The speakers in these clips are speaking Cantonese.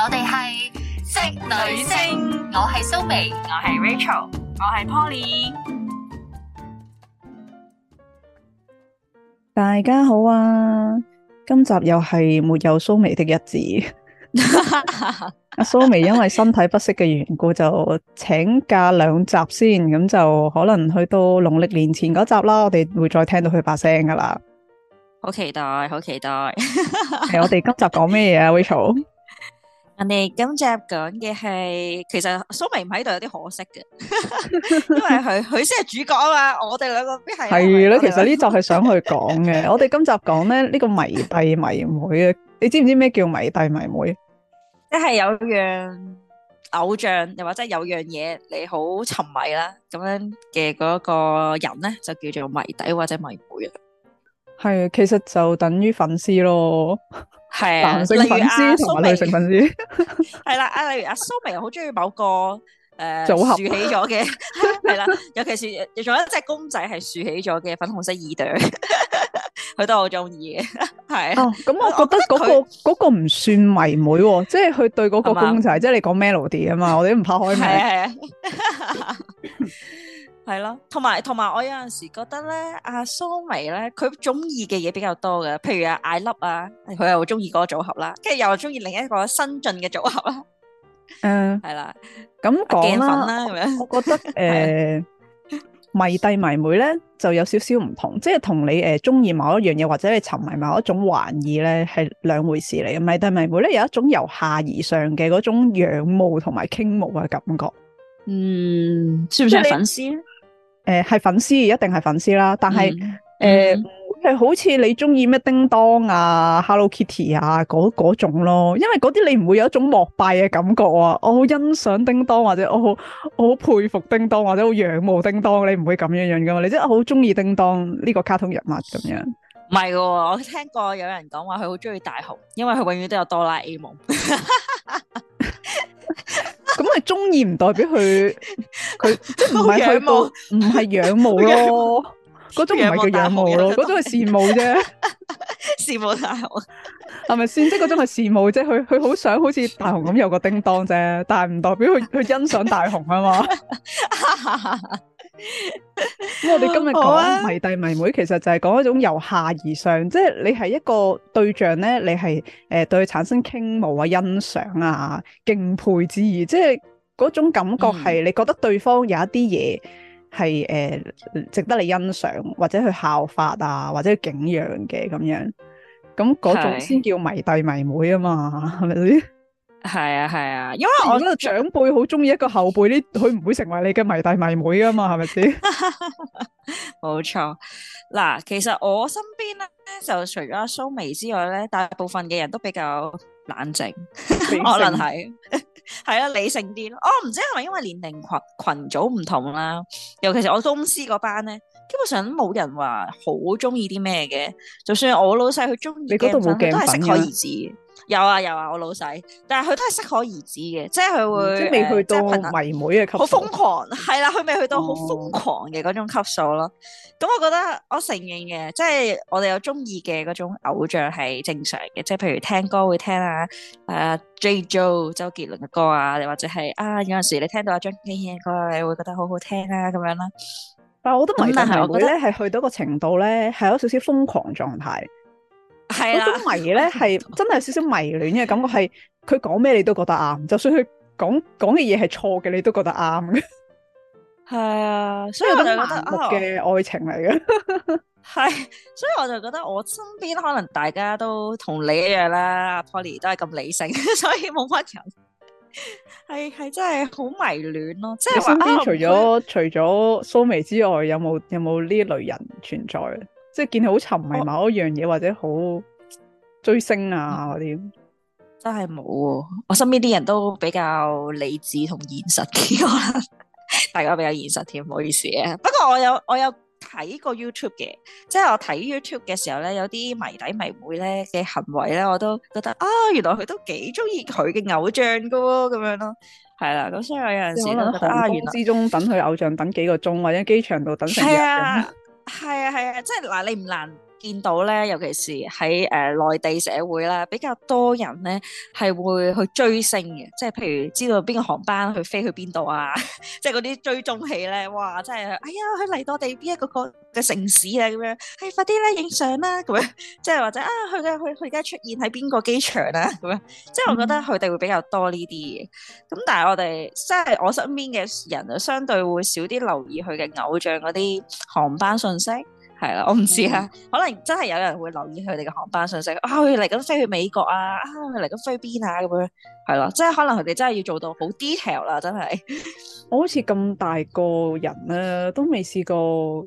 我哋係職女聲，我係蘇眉，我係 Rachel，我係 Polly。大家好啊！今集又係沒有蘇眉的日子。阿 蘇、 啊、眉因為身體不適嘅緣故，就請假兩集先。咁就可能去到農曆年前嗰集啦，我哋會再聽到佢把聲噶啦。好期待，好期待。係、 欸、我哋今集講咩嘢啊 ？Rachel？我哋今集講嘅係，其實蘇眉唔喺度有啲可惜嘅，因為佢佢先係主角啊嘛。我哋兩個邊係係啦。其實呢就係想去講嘅。我哋今集講咧呢個迷弟迷妹啊，你知唔知咩叫迷弟迷妹？即係有樣偶像，又或者有樣嘢你好沉迷啦，咁樣嘅嗰個人咧，就叫做迷弟或者迷妹。係，其實就等於粉絲咯。係啊，粉絲同女性粉絲，係啦啊，例如阿蘇明好中意某個誒組合豎起咗嘅，係啦，尤其是仲有一隻公仔係豎起咗嘅粉紅色耳朵，佢都好中意嘅。係哦，咁我覺得嗰個嗰個唔算迷妹，即係佢對嗰個公仔，即係你講 Melody 啊嘛，我哋唔怕開。係啊係啊。係咯，同埋同埋，有我有陣時覺得咧，阿蘇眉咧，佢中意嘅嘢比較多嘅，譬如阿艾粒啊，佢又中意嗰個組合啦，跟住又中意另一個新進嘅組合啦。嗯，係、嗯啊、啦，咁講啦，咁我覺得誒、 呃，迷弟迷妹咧就有少少唔同， 即係同你誒中意某一樣嘢，或者你沉迷某一種玩意咧，係兩回事嚟嘅。迷弟迷妹咧有一種由下而上嘅嗰種仰慕同埋傾慕嘅感覺。嗯，算唔算粉絲咧？誒、呃，係粉絲一定係粉絲啦，但係誒係好似你中意咩叮噹啊、Hello Kitty 啊嗰嗰種咯，因為嗰啲你唔會有一種膜拜嘅感覺啊，我好欣賞叮噹或者我好我好佩服叮噹或者好仰慕叮噹，你唔會咁樣樣噶嘛，你真係好中意叮噹呢個卡通人物咁樣。唔係噶，我聽過有人講話佢好中意大雄，因為佢永遠都有哆啦 A 夢。咁佢中意唔代表佢。佢即係唔係仰慕，唔係仰慕咯，嗰種唔係叫仰慕咯，嗰種係羨慕啫，羨慕大雄，係咪先？即係嗰種係羨慕啫，佢佢好想好似大雄咁有個叮當啫，但係唔代表佢佢欣賞大雄啊嘛。咁 我哋今日講迷弟迷妹，妹，其實就係講一種由下而上，即係你係一個對象咧，你係誒對佢產生傾慕啊、欣賞啊、敬佩之意，即係。嗰種感覺係你覺得對方有一啲嘢係誒值得你欣賞，或者去效法啊，或者去景仰嘅咁樣，咁嗰種先叫迷弟迷妹啊嘛，係咪先？係啊係啊，因為我一個長輩好中意一個後輩，呢佢唔會成為你嘅迷弟迷妹啊嘛，係咪先？冇錯，嗱，其實我身邊咧就除咗阿蘇眉之外咧，大部分嘅人都比較。冷靜， 可能係，係啊，理性啲咯。我、哦、唔知係咪因為年齡群羣組唔同啦、啊，尤其是我公司嗰班咧。基本上冇人話好中意啲咩嘅，就算我老細佢中意你度、啊、都係適可而止。有啊有啊，我老細，但係佢都係適可而止嘅，即係佢會即未、嗯、去到、呃、好迷妹嘅級數好瘋狂係啦，佢、嗯、未、啊、去到好瘋狂嘅嗰種級數咯。咁、嗯、我覺得我承認嘅，即係我哋有中意嘅嗰種偶像係正常嘅，即係譬如聽歌會聽啊啊 J.J. 周杰倫嘅歌啊，又或者係啊有陣時你聽到阿張敬軒嘅歌，你會覺得好好聽啊咁樣啦、啊。但係，我覺得迷戀佢咧，係去到一個程度咧，係有少少瘋狂狀態。係啊，嗰種迷咧，係真係有少少迷戀嘅感覺，係佢講咩你都覺得啱，就算佢講講嘅嘢係錯嘅，你都覺得啱嘅。係啊，所以我就覺得盲目嘅 愛情嚟嘅。係、 哦， 所以我就覺得我身邊可能大家都同你一樣啦，阿 Polly 都係咁理性，所以冇乜人。係係真係好迷戀咯，哦，即係你身邊除咗除咗蘇眉之外，有冇有冇呢類人存在？即係見佢好沉迷某一樣嘢，或者好追星啊嗰啲，嗯，真係冇。我身邊啲人都比較理智同現實啲，大家比較現實添，唔好意思啊。不過我有我有。睇過 YouTube 嘅，即係我睇 YouTube 嘅時候咧，有啲迷弟迷妹咧嘅行為咧，我都覺得啊，原來佢都幾中意佢嘅偶像噶喎、哦，咁樣咯，係啦，咁所以我有陣時覺得覺得啊，原之中等佢偶像等幾個鐘，或者機場度等成日，係啊，係啊，係啊，即係嗱，你唔難。見到咧，尤其是喺誒內地社會啦，比較多人咧係會去追星嘅，即係譬如知道邊個航班去飛去邊度啊， 即係嗰啲追蹤器咧，哇！真係，哎呀，佢嚟到地邊一個個嘅城市啊，咁樣，哎，快啲啦，影相啦，咁樣，即係或者啊，佢嘅佢佢而家出現喺邊個機場啊，咁樣，即係我覺得佢哋會比較多呢啲嘢。咁但係我哋即係我身邊嘅人就相對會少啲留意佢嘅偶像嗰啲航班信息。係啦，我唔知啦、嗯，可能真係有人會留意佢哋嘅航班信息啊，佢嚟緊飛去美國啊，啊佢嚟緊飛邊啊咁樣，係咯，即係可能佢哋真係要做到好 detail 啦，真係。我好似咁大個人啊，都未試過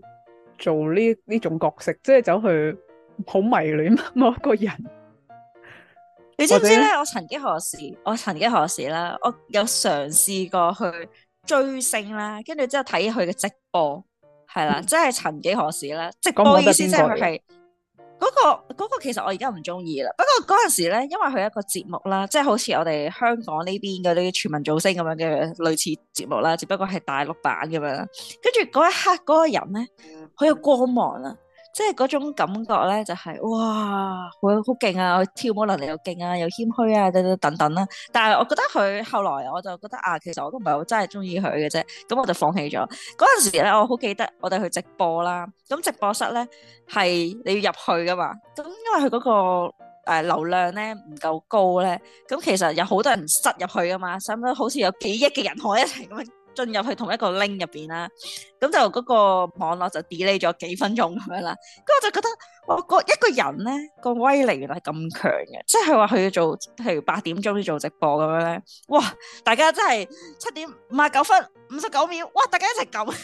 做呢呢種角色，即係走去好迷戀某一個人。你知唔知咧？我曾幾何時，我曾幾何時啦？我有嘗試過去追星啦，跟住之後睇佢嘅直播。係啦、 啊，即係曾幾何時咧，即係意思即係，係、嗰、嗰個、嗰個其實我而家唔中意啦。不過嗰陣時咧，因為佢一個節目啦，即係好似我哋香港呢邊嗰啲全民造星咁樣嘅類似節目啦，只不過係大陸版咁樣。跟住嗰一刻嗰個人咧，好有光芒啊！即係嗰種感覺咧，就係、是、哇，佢好勁啊，佢跳舞能力又勁啊，又謙虛啊，等等等等啦。但係我覺得佢後來，我就覺得啊，其實我都唔係好真係中意佢嘅啫。咁我就放棄咗。嗰陣時咧，我好記得我哋去直播啦。咁直播室咧係你要入去噶嘛。咁因為佢嗰個誒流量咧唔夠高咧，咁其實有好多人塞入去噶嘛，使唔使好似有幾億嘅人可一齊咁啊？進入去同一個 link 入邊啦，咁就嗰個網絡就 delay 咗幾分鐘咁樣啦，咁我就覺得，我個一個人咧，個威力原來係咁強嘅。即係佢話佢要做，譬如八點鐘要做直播咁樣咧，哇！大家真係七點五十九分五十九秒，哇！大家一齊撳。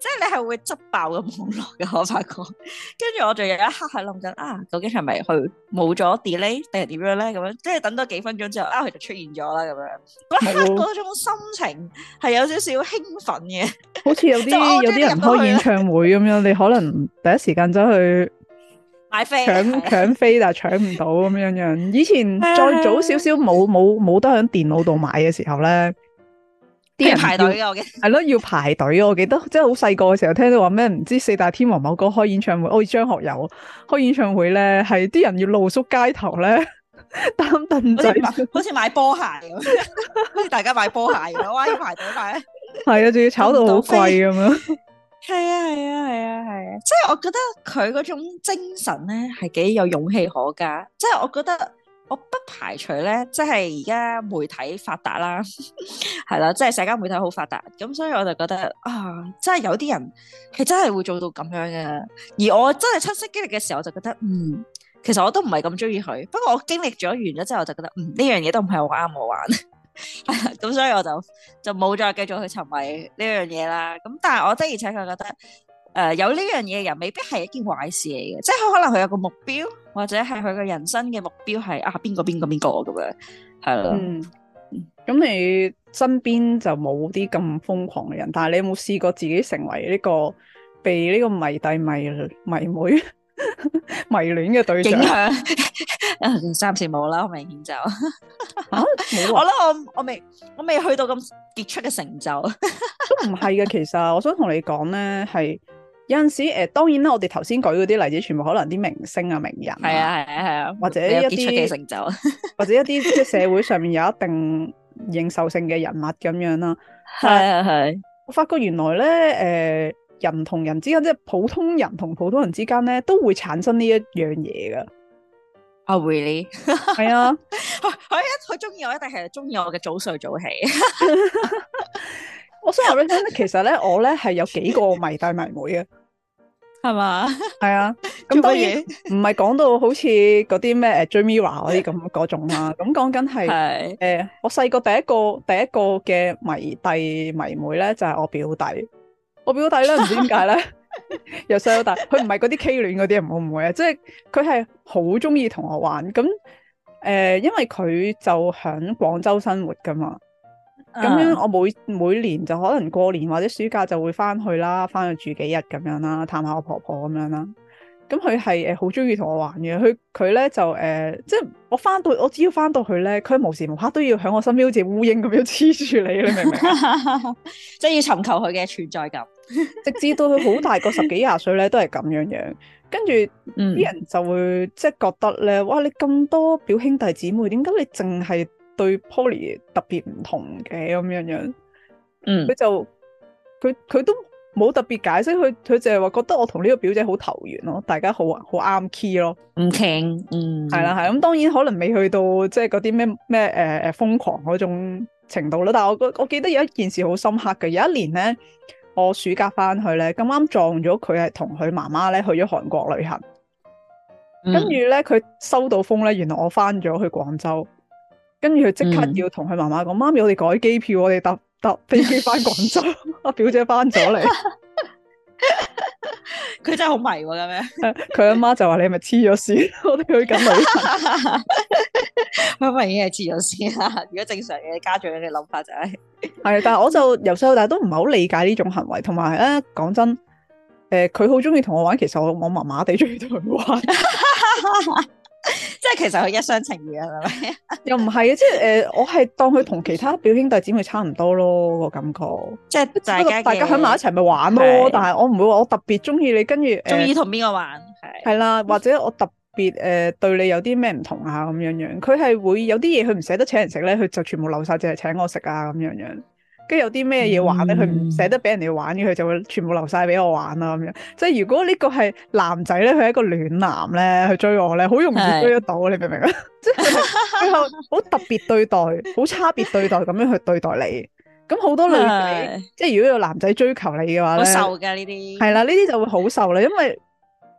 即係你係會執爆個網絡嘅，我發覺。跟住我仲有一刻係諗緊，啊，究竟係咪去冇咗 delay 定係點樣咧？咁樣即係等多幾分鐘之後，啊，佢就出現咗啦。咁樣嗰刻嗰種心情係有少少興奮嘅 。好似有啲有啲人開演唱會咁樣， 你可能第一時間走去搶買飛搶搶飛，但係搶唔到咁樣樣。以前再早少少冇冇冇得喺電腦度買嘅時候咧。啲人排隊，我記得係咯， 要排隊，我記得，即係好細個嘅時候聽到話咩唔知道四大天王某個開演唱會，哦，張學友開演唱會咧，係啲人要露宿街頭咧，擔凳仔買，好似買波鞋咁， 好似大家買波鞋咁，哇 要排隊買，係 啊，仲要炒到好貴咁樣，係啊係啊係啊係啊，即係我覺得佢嗰種精神咧係幾有勇氣可嘉，即係我覺得。我不排除咧，即係而家媒體發達啦，係啦，即係社交媒體好發達，咁所以我就覺得啊，真係有啲人係真係會做到咁樣嘅。而我真係親身經歷嘅時候，我就覺得，嗯，其實我都唔係咁中意佢。不過我經歷咗完咗之後，我就覺得，嗯，呢樣嘢都唔係好啱我玩。咁 所以我就就冇再繼續去沉迷呢樣嘢啦。咁但係我的而且確覺得。誒、呃，有呢樣嘢又未必係一件壞事嚟嘅，即係可能佢有個目標，或者係佢嘅人生嘅目標係啊邊個邊個邊個咁樣，係咯。嗯，咁你身邊就冇啲咁瘋狂嘅人，但係你有冇試過自己成為呢個被呢個迷弟迷迷妹 迷戀嘅對象？影響， 暫時冇啦，好明顯就， 啊、我咧我我未我未去到咁傑出嘅成就，都唔係嘅，其實我想同你講咧係。有陣時，誒、呃，當然啦，我哋頭先舉嗰啲例子，全部可能啲明星啊、名人，係啊，係啊，係啊，啊，或者一啲成就， 或者一啲即係社會上面有一定認受性嘅人物咁樣啦、啊。係啊係，是啊，我發覺原來咧，誒、呃，人同人之間，即係普通人同普通人之間咧，都會產生呢一樣嘢噶。啊、oh，really？係 是啊，佢一佢中意我一定係中意我嘅早睡早起。我想話咧，其實咧，我咧係有幾個迷弟迷妹嘅。係嘛？係 啊，咁當然，唔係講到好似嗰啲咩誒，Jemira 嗰啲咁嗰種啦。咁講緊係誒，我細個第一個第一個嘅迷弟迷妹咧就係、是、我表弟。我表弟咧唔知點解咧，由細到大，佢唔係嗰啲 K 戀嗰啲，人會唔會啊？即係佢係好中意同我玩。咁誒、呃，因為佢就響廣州生活噶嘛。咁、嗯、樣我每每年就可能過年或者暑假就會翻去啦，翻去住幾日咁樣啦，探下我婆婆咁樣啦。咁佢係誒好中意同我玩嘅，佢佢咧就誒、呃，即係我翻到我只要翻到去咧，佢無時無刻都要喺我身邊好似烏蠅咁樣黐住你，你明唔明？ 即係要尋求佢嘅存在感， 直至到佢好大個十幾廿歲咧，都係咁樣樣。跟住啲人就會即係覺得咧，哇！你咁多表兄弟姊妹，點解你淨係？對 Poly 特別唔同嘅咁樣樣，嗯，佢就佢佢都冇特別解釋，佢佢淨係話覺得我同呢個表姐好投緣咯，大家好好啱 key 咯，唔傾，嗯，係啦係咁，當然可能未去到即係嗰啲咩咩誒誒瘋狂嗰種程度咯，但係我我記得有一件事好深刻嘅，有一年咧，我暑假翻去咧，咁啱撞咗佢係同佢媽媽咧去咗韓國旅行，跟住咧佢收到風咧，原來我翻咗去廣州。跟住佢即刻要同佢媽媽講、嗯，媽咪，我哋改機票，我哋搭搭飛機翻廣州，我、 啊、表姐翻咗嚟。佢真係好迷咁、啊、樣。佢 阿媽，媽就話 你係咪黐咗線，我哋去緊旅行，咪 咪已經係黐咗線啦。如果正常嘅家長嘅諗法就係、是，係 但係我就由細到大都唔係好理解呢種行為，同埋咧講真，誒佢好中意同我玩，其實我我麻麻地中意同佢玩。 即係其實佢一廂情願啦，又唔係啊！ 即係誒、呃，我係當佢同其他表兄弟姊妹差唔多咯個感覺，即係大家大家喺埋一齊咪玩咯。是，但係我唔會話我特別中意你，跟住中意同邊個玩係啦，或者我特別誒、呃、對你有啲咩唔同啊咁樣樣。佢係會有啲嘢佢唔捨得請人食咧，佢就全部留晒，淨係請我食啊咁樣樣。跟住有啲咩嘢玩咧，佢、嗯、唔捨得俾人哋玩嘅，佢就會全部留晒俾我玩啊！咁樣，即係如果呢個係男仔咧，佢係一個暖男咧，去追我咧，好容易追得到，你明唔明啊？即係最後好特別對待，好 差別對待咁樣去對待你。咁好多女仔， 即係如果有男仔追求你嘅話好受㗎，呢啲係啦，呢啲就會好受啦，因為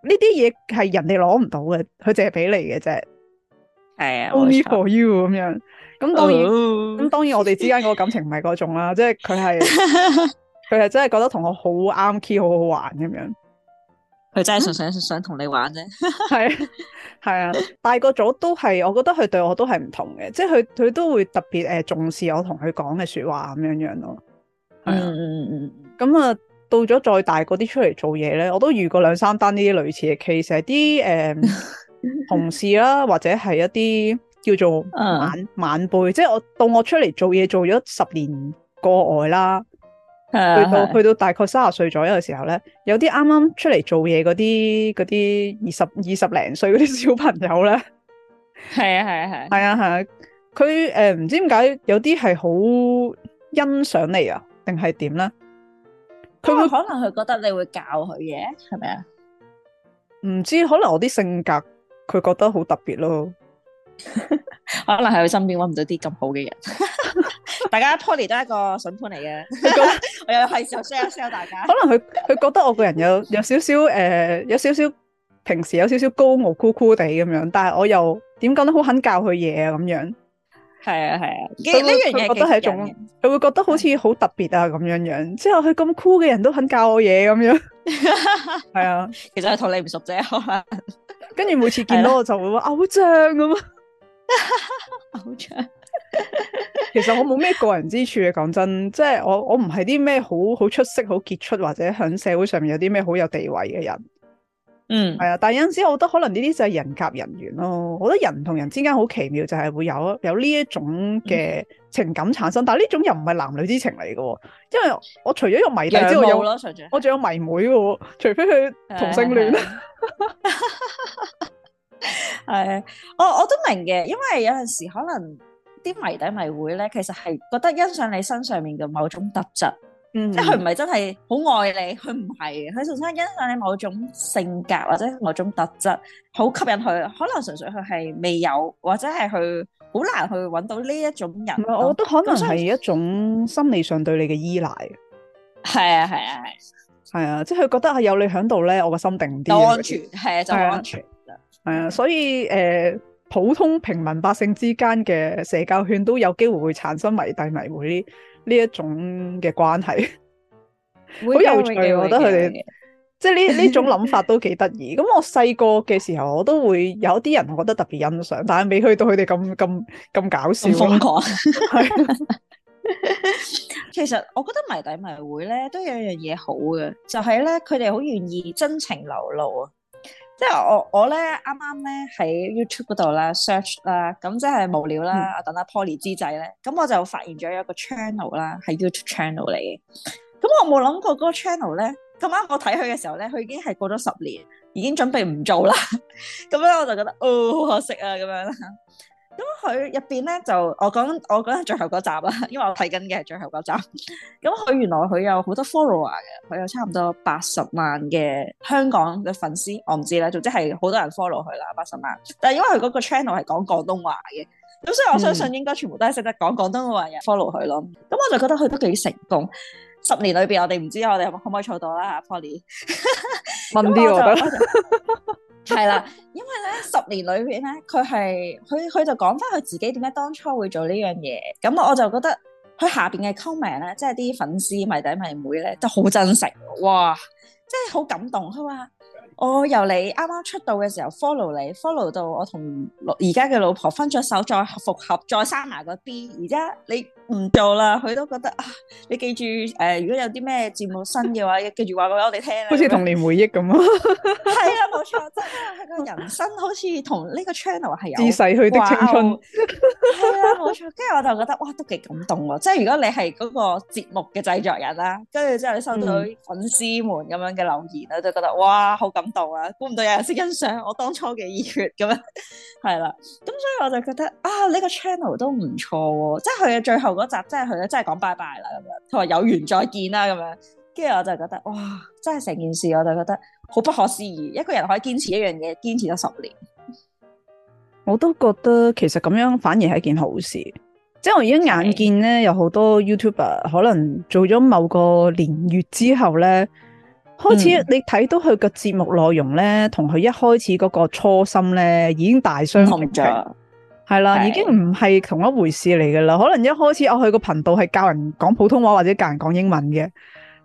呢啲嘢係人哋攞唔到嘅，佢淨係俾你嘅啫。係啊，Only for you 咁樣。咁當然，咁、oh。當然，我哋之間嗰個感情唔係嗰種啦， 即係佢係佢係真係覺得同我好啱 key，好好玩咁樣。佢 真係純粹想同 你玩啫。係 係啊，大個咗都係，我覺得佢對我都係唔同嘅，即係佢佢都會特別、呃、重視我同佢講嘅說話咁樣樣咯。係 啊，咁、嗯、啊，到咗再大個啲出嚟做嘢咧，我都遇過兩三單呢啲類似嘅 case，係啲、嗯、 同事啦、啊，或者係一啲。叫做晚、嗯、晚輩，即係我到我出嚟做嘢做咗十年過外啦，啊、去到、啊、去到大概三十歲左右嘅時候咧，有啲啱啱出嚟做嘢嗰啲嗰啲二十二十零歲嗰啲小朋友咧，係啊係啊係，係啊係啊，佢誒唔知點解有啲係好欣賞你啊，定係點咧？佢可能佢覺得你會教佢嘢，係咪啊？唔知道可能我啲性格佢覺得好特別咯。可能喺佢身邊揾唔到啲咁好嘅人，大家 Polly 都係一個筍盤嚟嘅，我又係又 share share 大家。可能佢佢覺得我個人有有少少誒，有少少平時有少少高傲 cool cool 地咁樣，但係我又點講都好肯教佢嘢，啊咁樣。係啊係啊，呢樣嘢，覺得係種佢會覺得好似好特別啊咁樣樣，之後佢咁 cool 嘅人都肯教我嘢咁樣。係啊，其實係同你唔熟啫，可能。跟住每次見到我就會話偶像咁啊。 好像笑其實我冇咩個人之處嘅，講真，即係我我唔係啲咩好好出色、好傑出或者喺社會上面有啲咩好有地位嘅人，嗯，係啊。但有陣時，我覺得可能呢啲就係人夾人緣咯。我覺得人同人之間好奇妙，就係會有有呢一種嘅情感產生。嗯、但呢種又唔係男女之情嚟嘅，因為我除咗有迷弟之外，我有我仲有迷妹嘅，除非佢同性戀。 係，我我都明嘅，因為有陣時可能啲迷弟迷妹咧，其實係覺得欣賞你身上面嘅某種特質，即係佢唔係真係好愛你，佢唔係，佢純粹欣賞你某種性格或者某種特質好吸引佢，可能純粹佢係未有或者係佢好難去搵到呢一種人。我覺得可能係一種心理上對你嘅依賴。係啊係啊係，係啊，即係佢覺得係有你喺度咧，我個心定啲，安全係啊，就安全。係、嗯、所以誒、呃，普通平民百姓之間嘅社交圈都有機會會產生迷弟迷妹呢一種嘅關係，好 有趣啊！我覺得佢哋即係呢呢種諗法都幾得意。咁 我細個嘅時候，我都會有啲人覺得特別欣賞，但係未去到佢哋咁咁咁搞笑瘋狂。 其實我覺得迷弟迷妹咧都有樣嘢好嘅，就係咧佢哋好願意真情流露啊。即、就、係、是、我我咧啱啱咧喺 YouTube 嗰度啦 search 啦，咁即係無聊啦、嗯，我等阿 Poly 之際咧，咁我就發現咗一個 channel 啦，係 YouTube channel 嚟嘅。咁我冇諗過嗰個 channel 咧，咁啱我睇佢嘅時候咧，佢已經係過咗十年，已經準備唔做啦。咁 咧我就覺得哦，好可惜啊咁樣。咁佢入邊咧就我講，我講緊最後嗰集啦，因為我睇緊嘅係最後嗰集。咁佢原來佢有好多 follower 嘅，佢有差唔多八十萬嘅香港嘅粉絲，我唔知咧，總之係好多人 follow 佢啦，八十萬。但係因為佢嗰個 channel 係講廣東話嘅，咁所以我相信應該全部都係識得講廣東話嘅、嗯、follow 佢咯。咁我就覺得佢都幾成功。十年裏邊，我哋唔知我哋可唔可以做到啦、啊？阿 Poly，唔知我覺得 我就。 係 啦，因為咧十年裏邊咧，佢係佢佢就講翻佢自己點解當初會做呢樣嘢，咁我就覺得佢下邊嘅 comment 咧，即係啲粉絲迷弟迷妹咧，都好珍惜，哇！即係好感動，佢話。我、哦、由你啱啱出道嘅時候 follow 你，follow 到我同而家嘅老婆分咗手，再復合，再生埋個 B。而家你唔做啦，佢都覺得啊，你記住誒、呃，如果有啲咩節目新嘅話，記住話俾我哋聽好似童年回憶咁啊！係 啊，冇錯，即係佢個人生好似同呢個 channel 係有。自逝去的青春係 啊，冇錯。跟住我就覺得哇，都幾感動喎！即、就、係、是、如果你係嗰個節目嘅製作人啦，跟住之後你收到啲粉絲們咁樣嘅留言啦，嗯、我就覺得哇，好感到啊！估唔到有人識欣賞我當初嘅熱血咁樣，係 啦。咁所以我就覺得啊，呢個 channel 都唔錯，即係佢嘅最後嗰集，即係佢咧，真係講拜拜啦咁樣，佢話有緣再見啦咁樣。跟住我就覺得哇，真係成件事，我就覺得好不可思議，一個人可以堅持一樣嘢，堅持咗十年。我都覺得其實咁樣反而係一件好事，即係我而家眼見咧、嗯，有好多 YouTuber 可能做咗某個年月之後咧。開始你睇到佢個節目內容咧，同、嗯、佢一開始嗰個初心咧，已經大相徑庭。係啦是，已經唔係同一回事嚟噶啦。可能一開始我去個頻道係教人講普通話或者教人講英文嘅，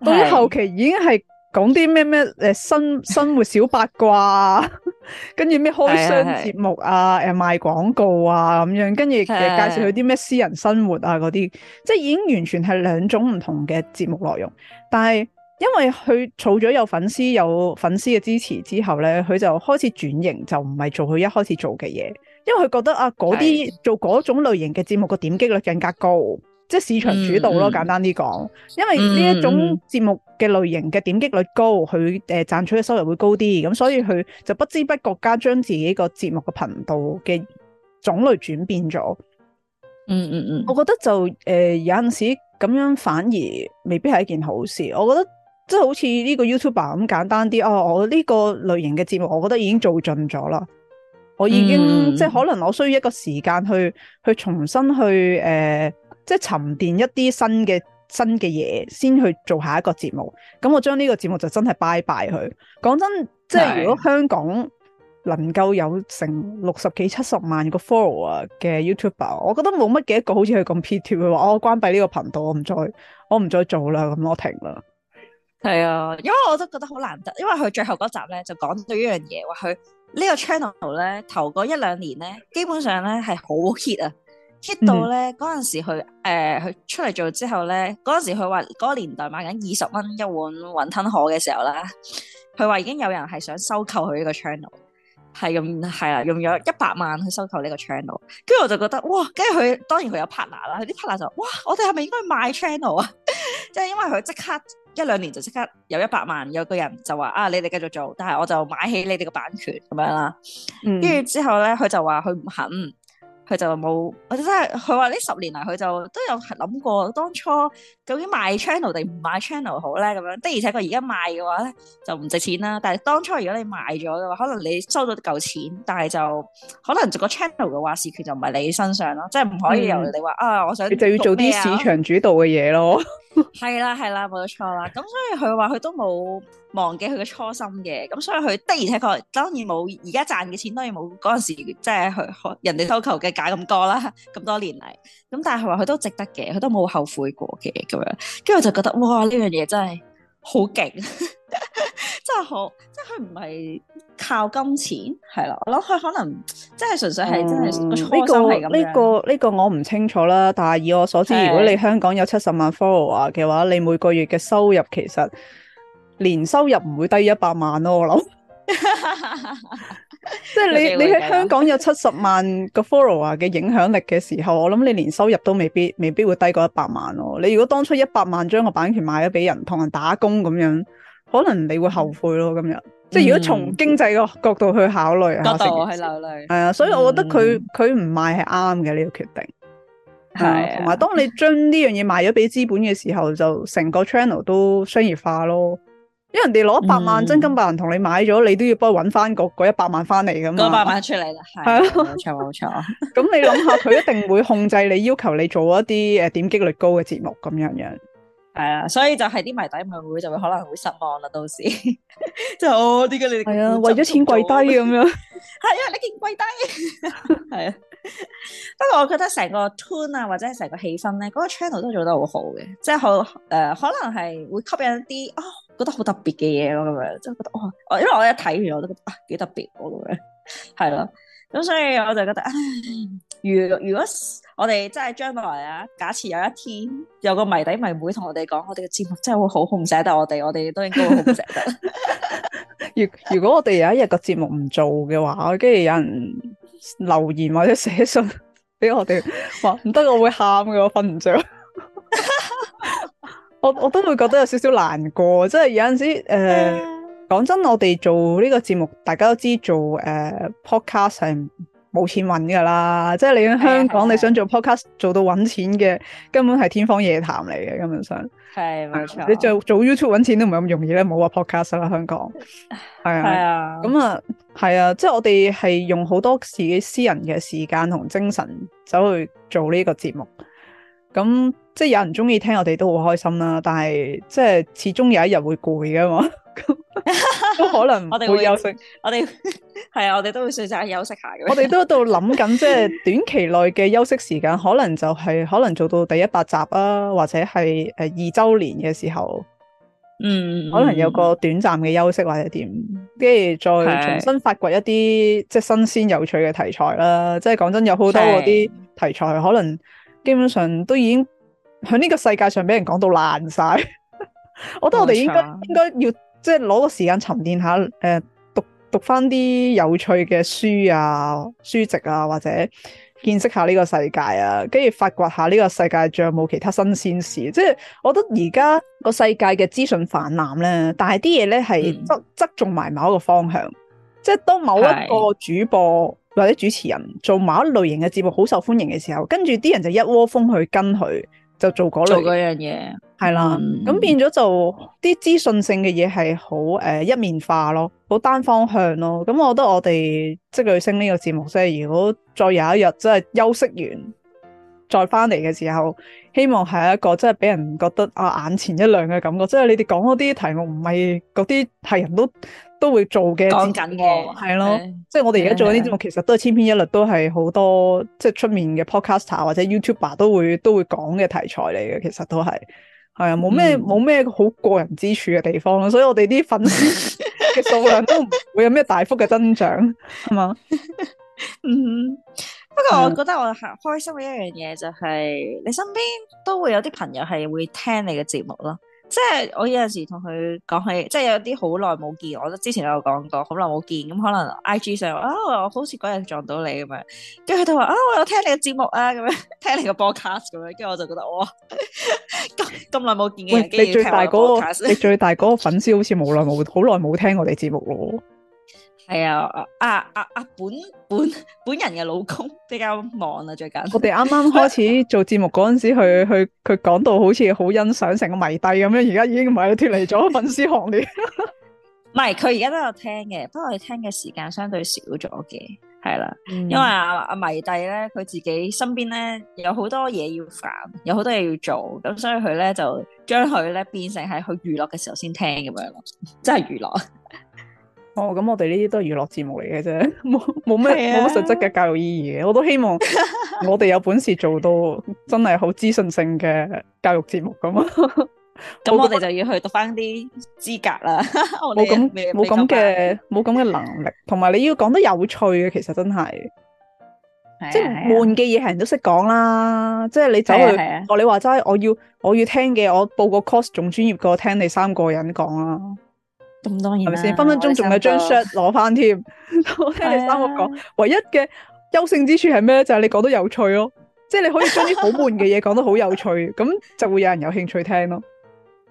到咗後期已經係講啲咩咩新生活小八卦， 跟住咩開箱節目啊，誒賣廣告啊咁樣，跟住介紹佢啲咩私人生活啊嗰啲，即係已經完全係兩種唔同嘅節目內容，但係。因為佢儲咗有粉絲有粉絲嘅支持之後咧，佢就開始轉型，就唔係做佢一開始做嘅嘢。因為佢覺得啊，嗰啲做嗰種類型嘅節目嘅點擊率更加高，即係市場主導咯、嗯嗯，簡單啲講。因為呢一種節目嘅類型嘅點擊率高，佢誒、呃、賺取嘅收入會高啲，咁所以佢就不知不覺間將自己個節目嘅頻道嘅種類轉變咗。嗯嗯嗯，我覺得就誒、呃、有陣時咁樣反而未必係一件好事。我覺得。即係好似呢個 YouTuber 咁簡單啲哦，我呢個類型嘅節目，我覺得已經做盡咗啦。我已經、嗯、即係可能我需要一個時間去去重新去誒、呃，即係沉澱一啲新嘅新嘅嘢，先去做下一個節目。咁我將呢個節目就真係拜拜佢。講真，即係如果香港能夠有成六十幾七十萬個 follower 嘅 YouTuber，我覺得冇乜幾一個好似佢咁撇脫，佢話我關閉呢個頻道，我唔再我唔再做啦，咁我停啦。係啊，因為我都覺得好難得，因為佢最後嗰集咧就講到一樣嘢，話佢呢個 channel 咧，頭嗰一兩年咧，基本上咧係好 hit 啊，hit、嗯、到咧嗰陣時佢誒佢出嚟做之後咧，嗰陣時佢話嗰個年代賣緊二十蚊一碗雲吞河嘅時候啦，佢話已經有人係想收購佢呢個 channel，係用係啦，用咗一百萬去收購呢個 channel，跟住我就覺得哇，跟住佢當然佢有 partner 啦，佢啲 partner 就哇，我哋係咪應該賣 channel 啊？即 係因為佢即刻。一兩年就即刻有一百萬，有個人就話啊，你哋繼續做，但係我就買起你哋個版權咁樣啦。嗯、跟住之後咧，佢就話佢唔肯，佢就冇。我真係佢話呢十年嚟，佢就都有諗過當初。究竟賣 channel 定唔賣 channel 好咧？咁樣的，而且確而家賣嘅話咧，就唔值錢啦。但係當初如果你賣咗嘅話，可能你收到嚿錢，但係就可能個 channel 嘅話事權就唔係你身上咯，即係唔可以由你話、嗯、啊。我想你就要做啲、啊、市場主導嘅嘢咯。係 啦、啊，係啦、啊，冇得錯啦。咁所以佢話佢都冇忘記佢嘅初心嘅。咁所以佢的，而且確當然冇而家賺嘅錢，當然冇嗰陣時即係佢人哋收購嘅價咁多啦。咁多年嚟，咁但係佢話佢都值得嘅，佢都冇後悔過嘅。咁樣，跟住我就覺得哇！呢樣嘢真係好勁， 真係好，即係佢唔係靠金錢，係啦。我諗佢可能真係純粹係真係個初心係咁樣。呢個、呢個、呢個我唔清楚啦，但係以我所知，如果你香港有七十萬 follower 嘅話，你每個月嘅收入其實年收入唔會低於一百萬咯、哦，我諗。 即係你，你喺香港有七十萬個 follower 嘅影響力嘅時候，我諗你連收入都未必未必會低過一百萬咯。你如果當初一百萬將個版權賣咗俾人，同人打工咁樣，可能你會後悔咯。今日即係如果從經濟個角度去考慮，角度係兩類，係、嗯、啊，所以我覺得佢佢唔賣係啱嘅呢個決定。係、嗯，同埋當你將呢樣嘢賣咗俾資本嘅時候，就成個 channel 都商業化咯。因為人哋攞一百萬真金白銀同你買咗、嗯，你都要幫佢搵翻嗰一百萬翻嚟㗎嘛？嗰一百萬出嚟啦，係、啊，係咯，冇錯冇錯。咁 你諗下，佢一定會控制你，要求你做一啲誒點擊率高嘅節目咁樣樣。係啊，所以就係啲迷弟咪會就會可能會失望啦，到時。即 係、哦，我啲嘅你哋係啊，為咗錢跪低咁樣。係 啊，你見跪低。係 啊。不 過我覺得成個 t u n e 啊，或者係成個氣氛咧，嗰、那個 channel 都做得好好嘅，即係好誒，可能係會吸引一啲哦，覺得好特別嘅嘢咯，咁樣即係覺得哦，因為我一睇完我都覺得啊，幾特別咁樣，係咯，咁、啊、所以我就覺得，如果如果我哋真係將來啊，假設有一天有個迷弟迷妹同我哋講，我哋嘅節目真係會好唔捨得我哋，我哋都應該會唔捨得 如 如果我哋有一日個節目唔做嘅話，跟住有人。留言或者寫信，畀我哋話唔得，我會喊嘅，我瞓唔着， 我我都會覺得有少少難過，即係有陣時誒，講、呃、真，我哋做呢個節目，大家都知做誒、呃、podcast 係。冇錢揾噶啦，即係你喺香港，你想做 podcast 做到揾錢嘅，根本係天方夜譚嚟嘅根本上。係，冇錯，你做做 YouTube 揾錢都唔係咁容易咧，冇話 podcast 啦，香港。係啊。係啊。咁啊，係啊，即係我哋係用好多自己私人嘅時間同精神走去做呢個節目。咁即係有人中意聽我哋都好開心啦，但係即係始終有一日會攰嘅嘛。 都可能我哋會休息 我們會 我們， 我哋係啊，我哋都會選擇休息下嘅。 我哋都度諗緊，即係短期內嘅休息時間，可能就係、是、可能做到第一百集啦、啊，或者係誒二周年嘅時候，嗯，可能有個短暫嘅休息或者點，跟住再重新發掘一啲即係新鮮有趣嘅題材啦。即係講真，有好多嗰啲題材可能基本上都已經喺呢個世界上俾人講到爛晒。 我覺得我哋應該應該要。即係攞個時間沉澱下，誒讀讀翻啲有趣嘅書啊、書籍啊，或者見識下呢個世界啊，跟住發掘下呢個世界仲有冇其他新鮮事。即係我覺得而家個世界嘅資訊泛濫咧，但係啲嘢咧係側側重埋某一個方向。即係當某一個主播或者主持人做某一類型嘅節目好受歡迎嘅時候，跟住啲人就一窩蜂去跟佢。就做嗰做嗰樣嘢，係啦，咁、嗯、變咗就啲資訊性嘅嘢係好誒一面化咯，好單方向咯。咁我覺得我哋即係職女聲呢個節目，即係如果再有一日即係休息完再翻嚟嘅時候，希望係一個即係俾人覺得啊眼前一亮嘅感覺。即係你哋講嗰啲題目唔係嗰啲係人都都會做嘅，講緊嘅係咯，即係我哋而家做嗰啲節目，其實都係千篇一律，都係好多即係出面嘅 Podcaster 或者 YouTuber 都會都會講嘅題材嚟嘅，其實都係係啊，冇咩冇咩好過人之處嘅地方咯，所以我哋啲粉絲嘅數量都唔會有咩大幅嘅增長，係 嘛是吧？ 嗯，不過我覺得我開開心嘅一樣嘢就係、是嗯、你身邊都會有啲朋友係會聽你嘅節目咯。即係我有陣時同佢講起，即係有啲好耐冇見。我之前有講過好耐冇見，咁可能 I G 上話啊，我好似嗰日撞到你咁樣。跟住佢都話啊，我有聽你嘅節目啊，咁樣聽你嘅 broadcast 咁樣。跟住我就覺得哇，咁咁耐冇見嘅，人你最大嗰、嗰個，你最大嗰個粉絲好似冇耐冇好耐冇聽我哋節目咯。係啊，阿阿阿本本本人嘅老公比較忙啊，最近我哋啱啱開始做節目嗰陣時候，佢佢佢講到好似好欣賞成個迷弟咁樣，而家已經唔係脫離咗粉絲行列。唔 係，佢而家都有聽嘅，不過佢聽嘅時間相對少咗嘅，係啦、嗯。因為阿、啊、阿迷弟咧，佢自己身邊咧有好多嘢要煩，有好多嘢要，要做，咁所以佢咧就將佢咧變成喺去娛樂嘅時候先聽咁樣咯，即係娛樂。 哦，咁我哋呢啲都係娛樂節目嚟嘅啫，冇冇咩冇乜實質嘅教育意義嘅。我都希望我哋有本事做到真係好資訊性嘅教育節目咁咁 、這個、我哋就要去讀翻啲資格啦。冇咁冇咁嘅冇咁嘅能力，同埋、啊、你要講得有趣嘅，其實真係、啊，即係悶嘅嘢係人都識講啦。即係你走去，我、啊啊、你話齋，我要我要聽嘅，我報個 course 仲專業過，我聽你三個人講係咪先？是是分分鐘仲有張 shirt 攞翻添。我聽你三個講、啊，唯一嘅優勝之處係咩就係、是、你講得有趣咯、哦，即、就、係、是、你可以將啲好悶嘅嘢講得好有趣，咁 就會有人有興趣聽咯。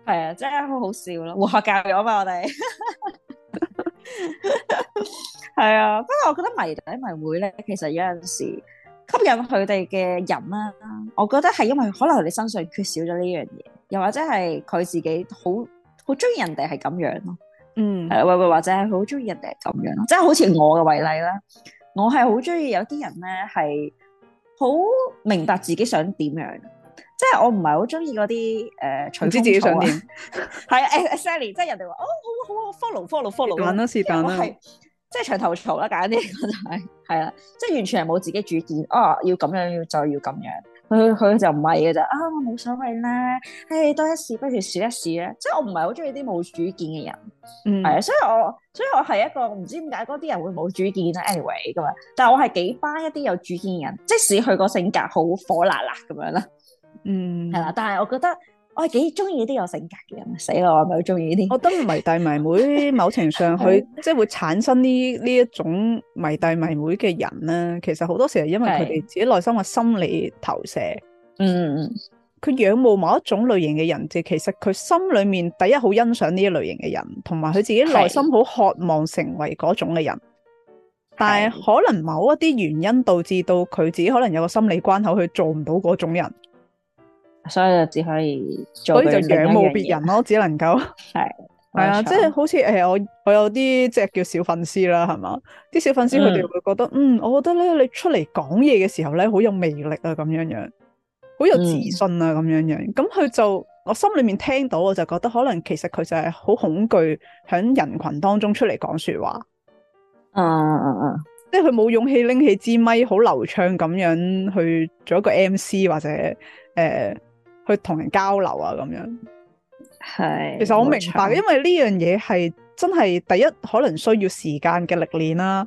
係啊，真係好好笑咯！我學教咗嘛，我哋係 啊。不過我覺得迷弟迷、迷妹咧，其實有陣時吸引佢哋嘅人啊。我覺得係因為可能你身上缺少咗呢樣嘢，又或者係佢自己好好中意人哋係咁樣咯。嗯，係喂喂，或者係、嗯就是、好中意人哋咁樣咯，即係好似我嘅為例啦，我係好中意有啲人咧係好明白自己想點樣，即、就、係、是、我唔係好中意嗰啲誒，唔、呃啊、知自己想點， 係、哎、啊、哎、Sally，即係人哋話哦，好啊好啊，follow follow follow，玩多時間咯，係即係長頭嘈啦、啊，簡單啲，係係啦，即、就、係、是、完全係冇自己主見，哦，要咁樣要再要咁樣。佢佢就唔係嘅咋，啊我冇所謂啦，唉、哎、多一事不如少一事咧，即係我唔係好中意啲冇主見嘅人，嗯，係啊，所以我所以我係一個唔知點解嗰啲人會冇主見咧，anyway 咁啊，但係我係幾班一啲有主見嘅人，即使佢個性格好火辣辣咁樣啦，嗯，係啦，但係我覺得。我係幾中意啲有性格嘅人，死咯！我係咪好中意呢啲？我覺得迷弟迷妹，某程上佢即係會產生呢呢一種迷弟迷妹嘅人咧。其實好多時係因為佢哋自己內心嘅心理投射。嗯佢仰慕某一種類型嘅人，即其實佢心裏面第一好欣賞呢一類型嘅人，同埋佢自己內心好渴望成為嗰種嘅人。但係可能某一啲原因導致到佢自己可能有個心理關口，去做唔到嗰種人。所以,以所以就只可以，所以就仰慕別人咯，只能夠係係啊，即係好似誒、欸，我我有啲即係叫小粉絲啦，係嘛？啲小粉絲佢哋會覺得，嗯，嗯我覺得咧，你出嚟講嘢嘅時候咧，好有魅力啊，咁樣樣，好有自信啊，咁、嗯、樣樣。咁佢就我心裏面聽到，我就覺得可能其實佢就係好恐懼響人群當中出嚟講說話。嗯嗯嗯，即係佢冇勇氣拎起支咪，好流暢咁樣去做一個 MC 或者誒。呃去同人交流啊，咁樣係。其實我明白，因為呢樣嘢係真係第一，可能需要時間嘅歷練啦。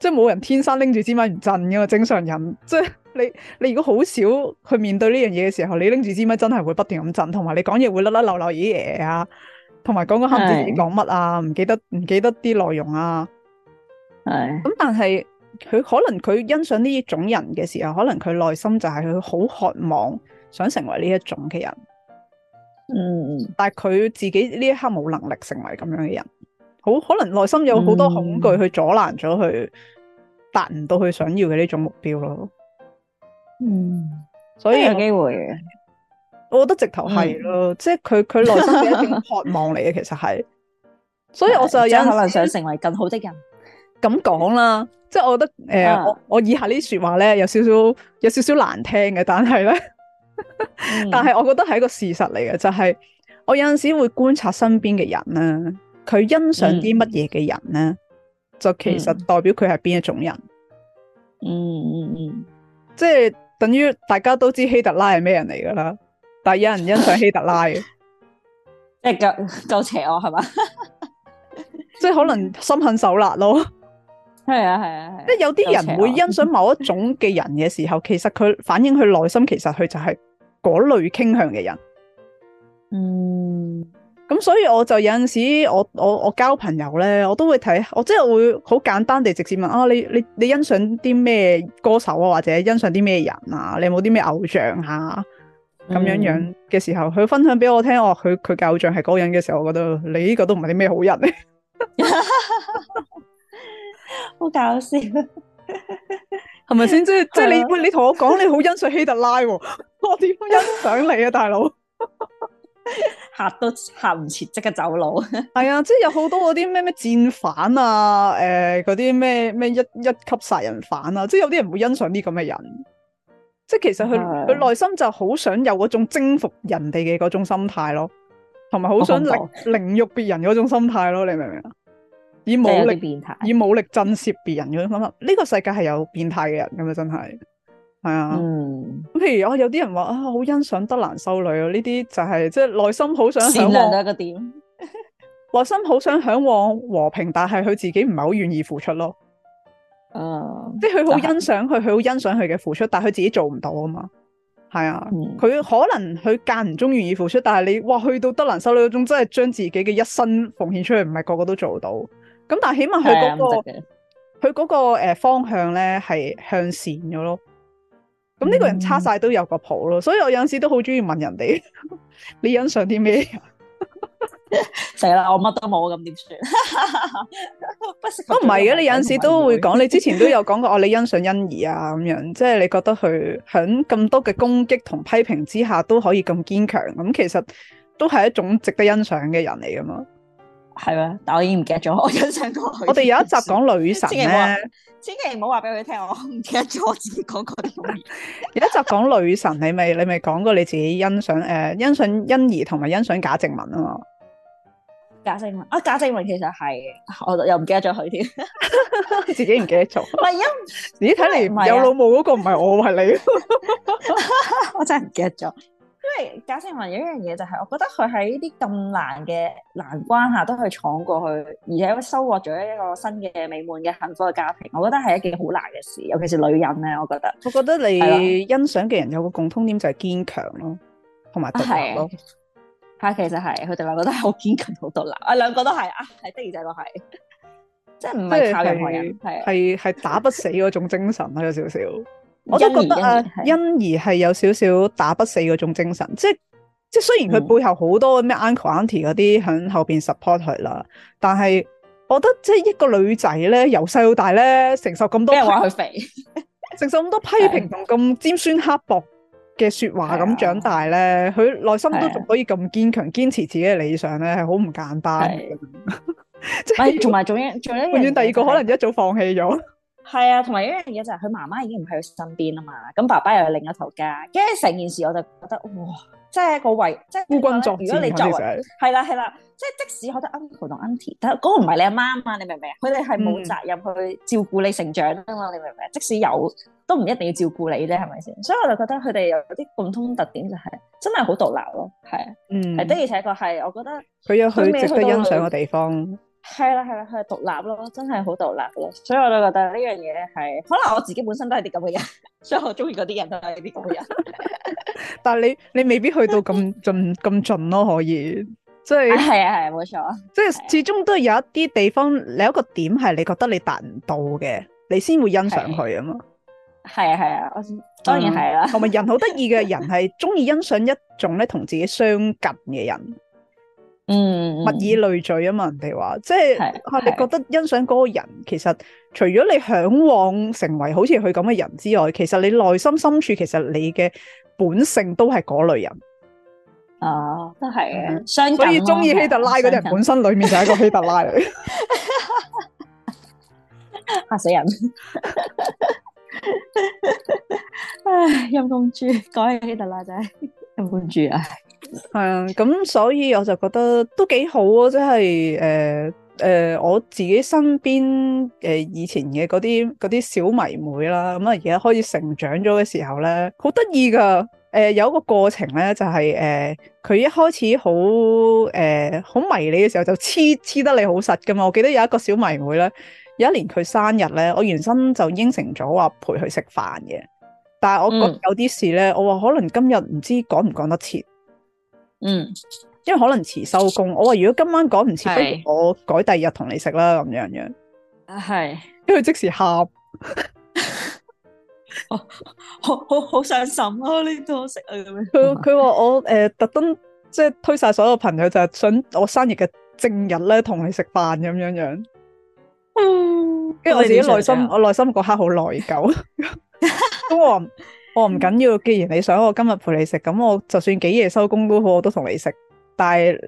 即係冇人天生拎住支咪唔震噶嘛，正常人。即係你你如果好少去面對呢樣嘢嘅時候，你拎住支咪真係會不斷咁震，同埋你講嘢會甩甩漏漏咦嘢啊，同埋講講下唔知講乜啊，唔記得唔記得啲內容啊。係。咁但係佢可能佢欣賞呢種人嘅時候，可能佢內心就係佢好渴望。想成為呢一種嘅人，嗯，但係佢自己呢一刻冇能力成為咁樣嘅人，好可能內心有好多恐懼去阻攔咗佢達唔到佢想要嘅呢種目標咯。嗯，所以有機會嘅，我覺得直頭係咯，即係佢佢內心嘅一種渴望嚟嘅。 其實係，所以我就有可能想成為更好的人，咁講啦，即係我覺得誒、呃啊，我我以下呢啲說話咧有少少有少少難聽嘅，但係咧。 但係我覺得係一個事實嚟嘅，就係、是、我有陣時會觀察身邊嘅人咧，佢欣賞啲乜嘢嘅人咧、嗯，就其實代表佢係邊一種人。嗯嗯嗯，即係等於大家都知道希特拉係咩人嚟噶啦，但係有人欣賞希特拉嘅，即係夠夠邪惡係嘛？即係 可能心狠手辣咯。係啊係，啊，即係有啲人會欣賞某一種嘅人嘅時候，其實佢反映佢內心，其實佢就係、是。嗰類傾向嘅人，嗯，咁所以我就有陣時我，我我我交朋友咧，我都會睇，我即係會好簡單地直接問啊，你你你欣賞啲咩歌手啊，或者欣賞啲咩人啊？你有冇啲咩偶像啊？」咁樣樣嘅時候，佢分享俾我聽，哦、啊，佢佢偶像係嗰人嘅時候，我覺得你呢個都唔係啲咩好人，啊， 好搞笑，啊 是是，係咪先？即係即係你喂， 你同我講你好欣賞希特拉喎，啊。我點欣賞你啊，大佬嚇到，嚇唔切，即刻走佬。係啊，即係有好多嗰啲咩咩戰犯啊，誒嗰啲咩咩一一級殺人犯啊，即係有啲人會欣賞啲咁嘅人。即係其實佢佢內心就好想有嗰種征服人哋嘅嗰種心態咯，同埋好想凌凌辱別人嗰種心態咯，你明唔明啊？以武力、就是、變態，以武力震懾別人嗰種諗法，呢、呢個世界係有變態嘅人噶嘛，真係。係啊，咁、嗯、譬如我、哦、有啲人話啊，好欣賞德蘭修女啊，呢啲就係、是、即係內心好想亮一向往，內 心好想向往和平，但係佢自己唔係好願意付出咯。哦、嗯，即係佢好欣賞佢，佢、嗯、好欣賞佢嘅付出，但係佢自己做唔到啊嘛。係啊，佢、嗯、可能佢間唔中願意付出，但係你哇，去到德蘭修女嗰種真係將自己嘅一生奉獻出去，唔係個個都做得到。咁但係起碼佢嗰個佢、哎那個誒、呃、方向咧係向善咗咯。咁、嗯、呢個人差晒都有個譜咯，所以我有時都好中意問人哋，你欣賞啲咩？死 啦！我乜都冇，咁點算？都唔係嘅，你有時都會講， 你之前都有講過，我、哦、你欣賞欣宜啊咁樣，即係你覺得佢響咁多嘅攻擊同批評之下都可以咁堅強，咁其實都係一種值得欣賞嘅人嚟噶嘛。係啦、啊，但我已唔記得咗，我欣賞過佢。我哋有一集講女神咧，千祈唔好話俾佢聽，我唔記得咗自己講嗰啲。有一集講女神，你咪你咪講過你自己欣賞誒、呃，欣賞欣怡同埋欣賞賈靜雯啊嘛。賈靜雯啊，賈靜雯其實係，我又唔記得咗佢添， 自己唔記得咗。唔係啊，咦？睇嚟唔係，有老母嗰個唔係我，係你、啊， 我真係唔記得咗。賈斯敏有一樣嘢就係、是，我覺得佢喺呢啲咁難嘅難關下都去闖過去，而且收穫咗一個新嘅美滿嘅幸福嘅家庭，我覺得係一件好難嘅事，尤其是女人咧，我覺得。我覺得你欣賞嘅人有個共通點就係堅強咯，同埋獨立咯。吓、啊啊，其實係佢哋兩個都係好堅強、好獨立啊，兩個都係啊，係得意仔咯，係。即係唔係靠任何人，係係係打不死嗰種精神咯、啊，有少少。我都覺得啊，欣，欣兒係有少少打不死嗰種精神，是即係即係雖然佢背後好多咩 uncle auntie 嗰啲響後邊 support 佢啦，但係我覺得即係一個女仔咧，由細到大咧承受咁多，咩話佢肥，承受咁多批評同咁尖酸刻薄嘅説話咁長大咧，佢內心都仲可以咁堅強堅持自己嘅理想咧，係好唔簡單嘅。 即係同埋仲一仲一，哎、換轉第二個可能一早放棄咗。係啊，同埋一樣嘢就係佢媽媽已經唔喺佢身邊啊嘛，咁爸爸又有另一頭家，跟住成件事我就覺得哇，即係個位，即孤軍作戰，如果你作為，係啦係啦，即係即使我覺得 uncle 同 auntie 但係嗰個唔係你阿媽啊嘛，你明唔明啊？佢哋係冇責任去照顧你成長啊嘛、嗯，你明唔明即使有都唔一定要照顧你啫，係咪先？所以我就覺得佢哋有啲共通特點就係、是、真係好獨立咯，係啊，係、嗯、的而且確係我覺得佢有佢值得欣賞嘅地方。係啦、啊，係啦、啊，係獨立咯，真係好獨立咯，所以我都覺得呢樣嘢係，可能我自己本身都係啲咁嘅人，所以我中意嗰啲人都係啲咁嘅人。 但係你你未必去到咁盡咁盡咯，可以，即係係啊係啊，冇錯、啊。即係、啊啊、始終都係有一啲地方，你有一個點係你覺得你達唔到嘅，你先會欣賞佢啊嘛。係啊係啊我、嗯，當然係啦。同埋人好得意嘅人係中意欣賞一種咧同自己相近嘅人。嗯，物以類聚啊嘛，人哋話，即係，係，我哋覺得欣賞嗰個人，其實除咗你向往成為好似佢咁嘅人之外，其實你內心深處，其實你嘅本性都係嗰類人。哦，都係嘅，所以中意希特拉嗰啲人本身裏面就係一個希特拉女，吓 死人！陰 公豬，講起希特拉就係。咁住啊，係 啊，咁所以我就覺得都幾好啊，即係誒誒，我自己身邊誒、呃、以前嘅嗰啲嗰啲小迷妹啦，咁啊而家開始成長咗嘅時候咧，好得意噶，誒、呃、有一個過程咧，就係誒佢一開始好誒好迷你嘅時候就黐黐得你好實噶嘛，我記得有一個小迷妹咧，有一年佢生日咧，我原身就應承咗話陪佢食飯嘅。但係我、mm. 覺得有啲事咧，我話可能今日唔知趕唔趕得切，嗯、mm.，因為可能遲收工，我話如果今晚趕唔切，不如我改第二日同你食啦咁樣樣。係，因為即時喊， 我好好好傷心啊！呢個食啊咁樣。佢佢話我誒、呃、特登即係推晒所有朋友，就係想我生日嘅正日咧同你食飯咁樣樣。嗯，跟住我自己內心，這這我內心嗰刻好內疚。 咁我我唔緊要，既然你想我今日陪你食，咁我就算幾夜收工都好，我都同你食。但係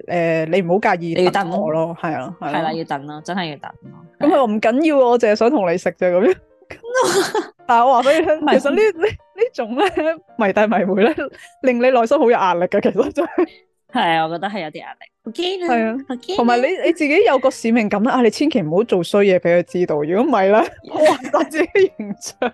誒，你唔好介意你等我咯，係啊，係啦，要等咯，真係要等。咁佢話唔緊要，我淨係想同你食啫咁樣。但係我話俾你聽，其實呢呢呢種咧迷弟迷妹咧，令你內心好有壓力嘅，其實真係。係啊，我覺得係有啲壓力。係啊，同埋你你自己有個使命感啦，啊，你千祈唔好做衰嘢俾佢知道，如果唔係咧，破壞自己形象。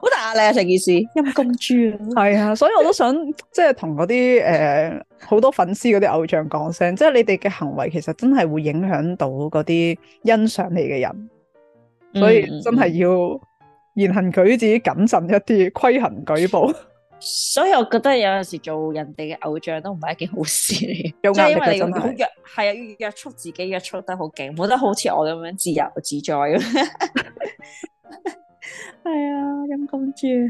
好大壓力啊！成件事陰公豬係啊， 啊，所以我都想即係同嗰啲誒好多粉絲嗰啲偶像講聲， 即係你哋嘅行為其實真係會影響到嗰啲欣賞你嘅人，所以真係要言行舉止謹慎一啲，規行矩步。所以我覺得有陣時做人哋嘅偶像都唔係一件好事，有 壓力的真係。係啊，要約束自己，約束得很好勁，冇得好似我咁樣自由自在咁。 係、哎、啊，陰功豬。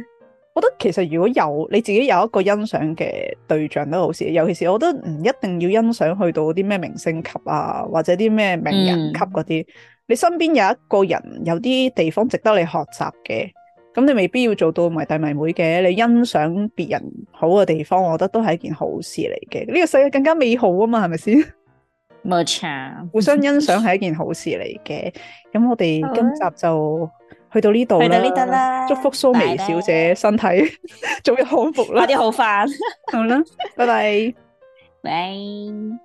我覺得其實如果有你自己有一個欣賞嘅對象都好事，尤其是我覺得唔一定要欣賞去到啲咩明星級啊，或者啲咩名人級嗰啲，嗯。你身邊有一個人有啲地方值得你學習嘅，咁你未必要做到迷弟迷妹嘅。你欣賞別人好嘅地方，我覺得都係一件好事嚟嘅。呢，這個世界更加美好啊嘛，係咪先？冇錯，互相欣賞係一件好事嚟嘅。咁我哋今集就。Oh yeah. 去到呢度啦，祝福蘇眉小姐身體早日康復啦， 快啲好翻， 好啦吧，拜 拜，明。